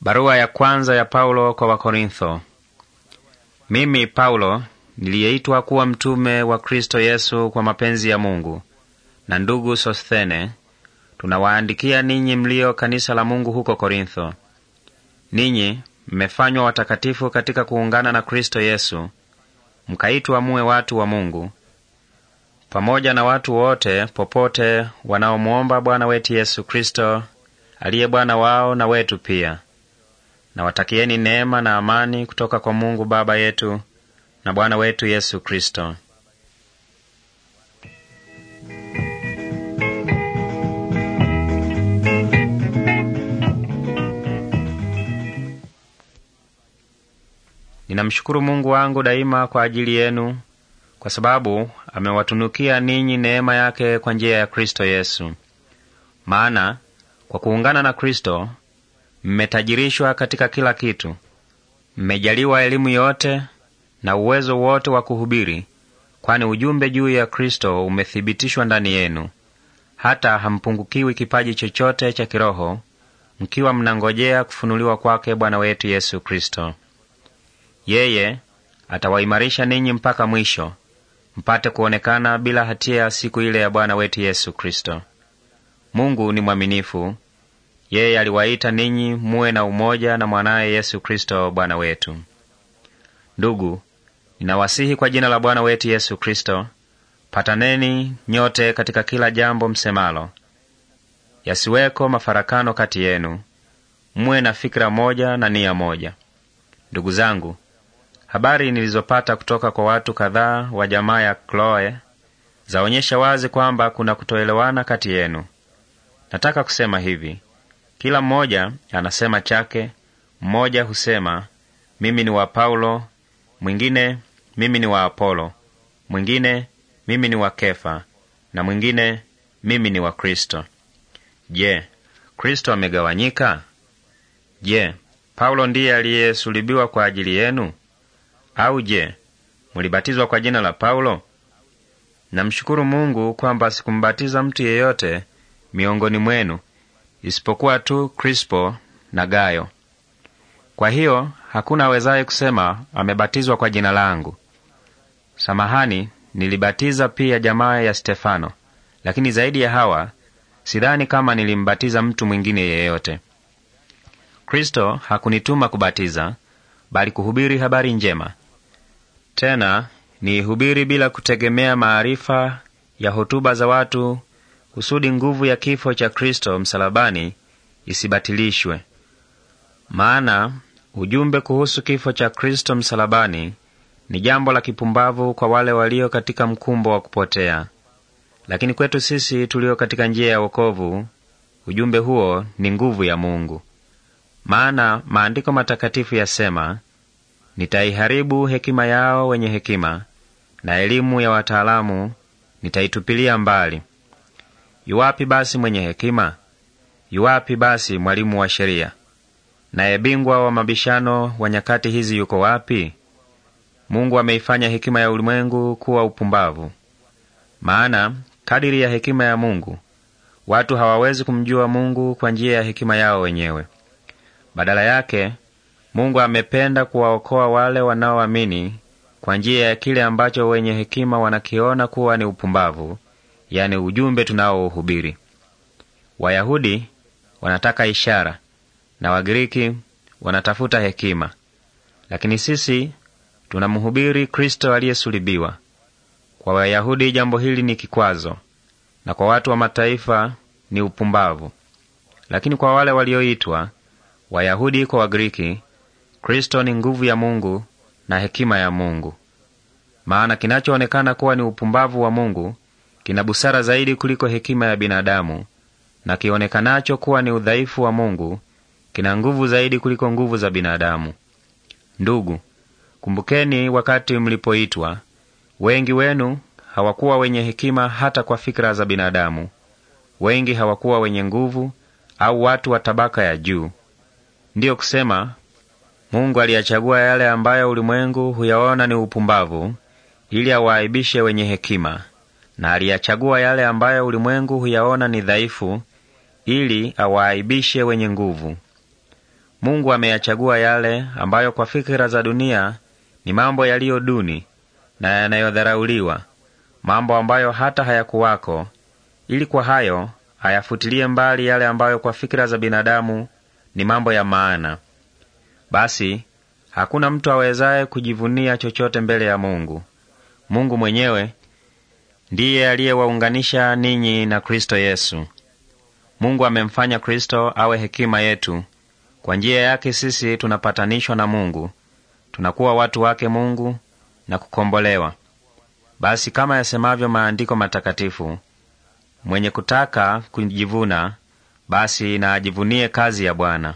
Barua ya kwanza ya Paulo kwa Wakorintho. Mimi Paulo niliyeitwa kuwa mtume wa Kristo Yesu kwa mapenzi ya Mungu na ndugu Sosthene, tunawaandikia ninyi mlio kanisa la Mungu huko Korintho. Ninyi mmefanywa watakatifu katika kuungana na Kristo Yesu, mkaitwa muwe watu wa Mungu pamoja na watu wote popote wanaomwomba Bwana wetu Yesu Kristo aliye Bwana wao na wetu pia. Nawatakieni neema na amani kutoka kwa Mungu Baba yetu na Bwana wetu Yesu Kristo. Ninamshukuru Mungu wangu daima kwa ajili yenu, kwa sababu amewatunukia ninyi neema yake kwa njia ya Kristo Yesu. Maana kwa kuungana na Kristo mmetajirishwa katika kila kitu, mmejaliwa elimu yote na uwezo wote wa kuhubiri, kwani ujumbe juu ya Kristo umethibitishwa ndani yenu, hata hampungukiwi kipaji chochote cha kiroho, mkiwa mnangojea kufunuliwa kwake Bwana wetu Yesu Kristo. Yeye atawaimarisha ninyi mpaka mwisho, mpate kuonekana bila hatia siku ile ya Bwana wetu Yesu Kristo. Mungu ni mwaminifu yeye aliwaita ninyi muwe na umoja na mwanaye Yesu Kristo Bwana wetu. Ndugu, ninawasihi kwa jina la Bwana wetu Yesu Kristo, pataneni nyote katika kila jambo msemalo, yasiweko mafarakano kati yenu, muwe na fikira moja na nia moja. Ndugu zangu, habari nilizopata kutoka kwa watu kadhaa wa jamaa ya Kloe zaonyesha wazi kwamba kuna kutoelewana kati yenu. Nataka kusema hivi: kila mmoja anasema chake. Mmoja husema mimi ni wa Paulo, mwingine mimi ni wa Apolo, mwingine mimi ni wa Kefa, na mwingine mimi ni wa Kristo. Je, Kristo amegawanyika? Je, Paulo ndiye aliyesulibiwa kwa ajili yenu? Au je, mulibatizwa kwa jina la Paulo? Namshukuru Mungu kwamba sikumbatiza mtu yeyote miongoni mwenu isipokuwa tu Krispo na Gayo. Kwa hiyo hakuna awezaye kusema amebatizwa kwa jina langu. Samahani, nilibatiza pia jamaa ya Stefano, lakini zaidi ya hawa sidhani kama nilimbatiza mtu mwingine yeyote. Kristo hakunituma kubatiza, bali kuhubiri habari njema. Tena niihubiri bila kutegemea maarifa ya hotuba za watu kusudi nguvu ya kifo cha Kristo msalabani isibatilishwe. Maana ujumbe kuhusu kifo cha Kristo msalabani ni jambo la kipumbavu kwa wale walio katika mkumbo wa kupotea, lakini kwetu sisi tulio katika njia ya wokovu ujumbe huo ni nguvu ya Mungu. Maana maandiko matakatifu yasema, nitaiharibu hekima yao wenye hekima, na elimu ya wataalamu nitaitupilia mbali. Yuwapi basi mwenye hekima? Yuwapi basi mwalimu wa sheria? Naye bingwa wa mabishano wa nyakati hizi yuko wapi? Mungu ameifanya hekima ya ulimwengu kuwa upumbavu. Maana kadiri ya hekima ya Mungu watu hawawezi kumjua Mungu kwa njia ya hekima yao wenyewe. Badala yake, Mungu amependa kuwaokoa wale wanaoamini kwa njia ya kile ambacho wenye hekima wanakiona kuwa ni upumbavu, yani ujumbe tunaohubiri. Wayahudi wanataka ishara na Wagiriki wanatafuta hekima, lakini sisi tunamhubiri Kristo aliyesulibiwa. Kwa Wayahudi jambo hili ni kikwazo, na kwa watu wa mataifa ni upumbavu, lakini kwa wale walioitwa, Wayahudi kwa Wagiriki, Kristo ni nguvu ya Mungu na hekima ya Mungu. Maana kinachoonekana kuwa ni upumbavu wa Mungu kina busara zaidi kuliko hekima ya binadamu, na kionekanacho kuwa ni udhaifu wa Mungu kina nguvu zaidi kuliko nguvu za binadamu. Ndugu, kumbukeni wakati mlipoitwa. Wengi wenu hawakuwa wenye hekima hata kwa fikra za binadamu, wengi hawakuwa wenye nguvu au watu wa tabaka ya juu. Ndiyo kusema Mungu aliyachagua yale ambayo ulimwengu huyaona ni upumbavu, ili awaaibishe wenye hekima na aliyachagua yale ambayo ulimwengu huyaona ni dhaifu, ili awaaibishe wenye nguvu. Mungu ameyachagua yale ambayo kwa fikira za dunia ni mambo yaliyo duni na yanayodharauliwa, mambo ambayo hata hayakuwako, ili kwa hayo ayafutilie mbali yale ambayo kwa fikira za binadamu ni mambo ya maana. Basi hakuna mtu awezaye kujivunia chochote mbele ya Mungu. Mungu mwenyewe ndiye aliyewaunganisha ninyi na Kristo Yesu. Mungu amemfanya Kristo awe hekima yetu. Kwa njia yake sisi tunapatanishwa na Mungu, tunakuwa watu wake Mungu na kukombolewa. Basi kama yasemavyo maandiko matakatifu, mwenye kutaka kujivuna basi na ajivunie kazi ya Bwana.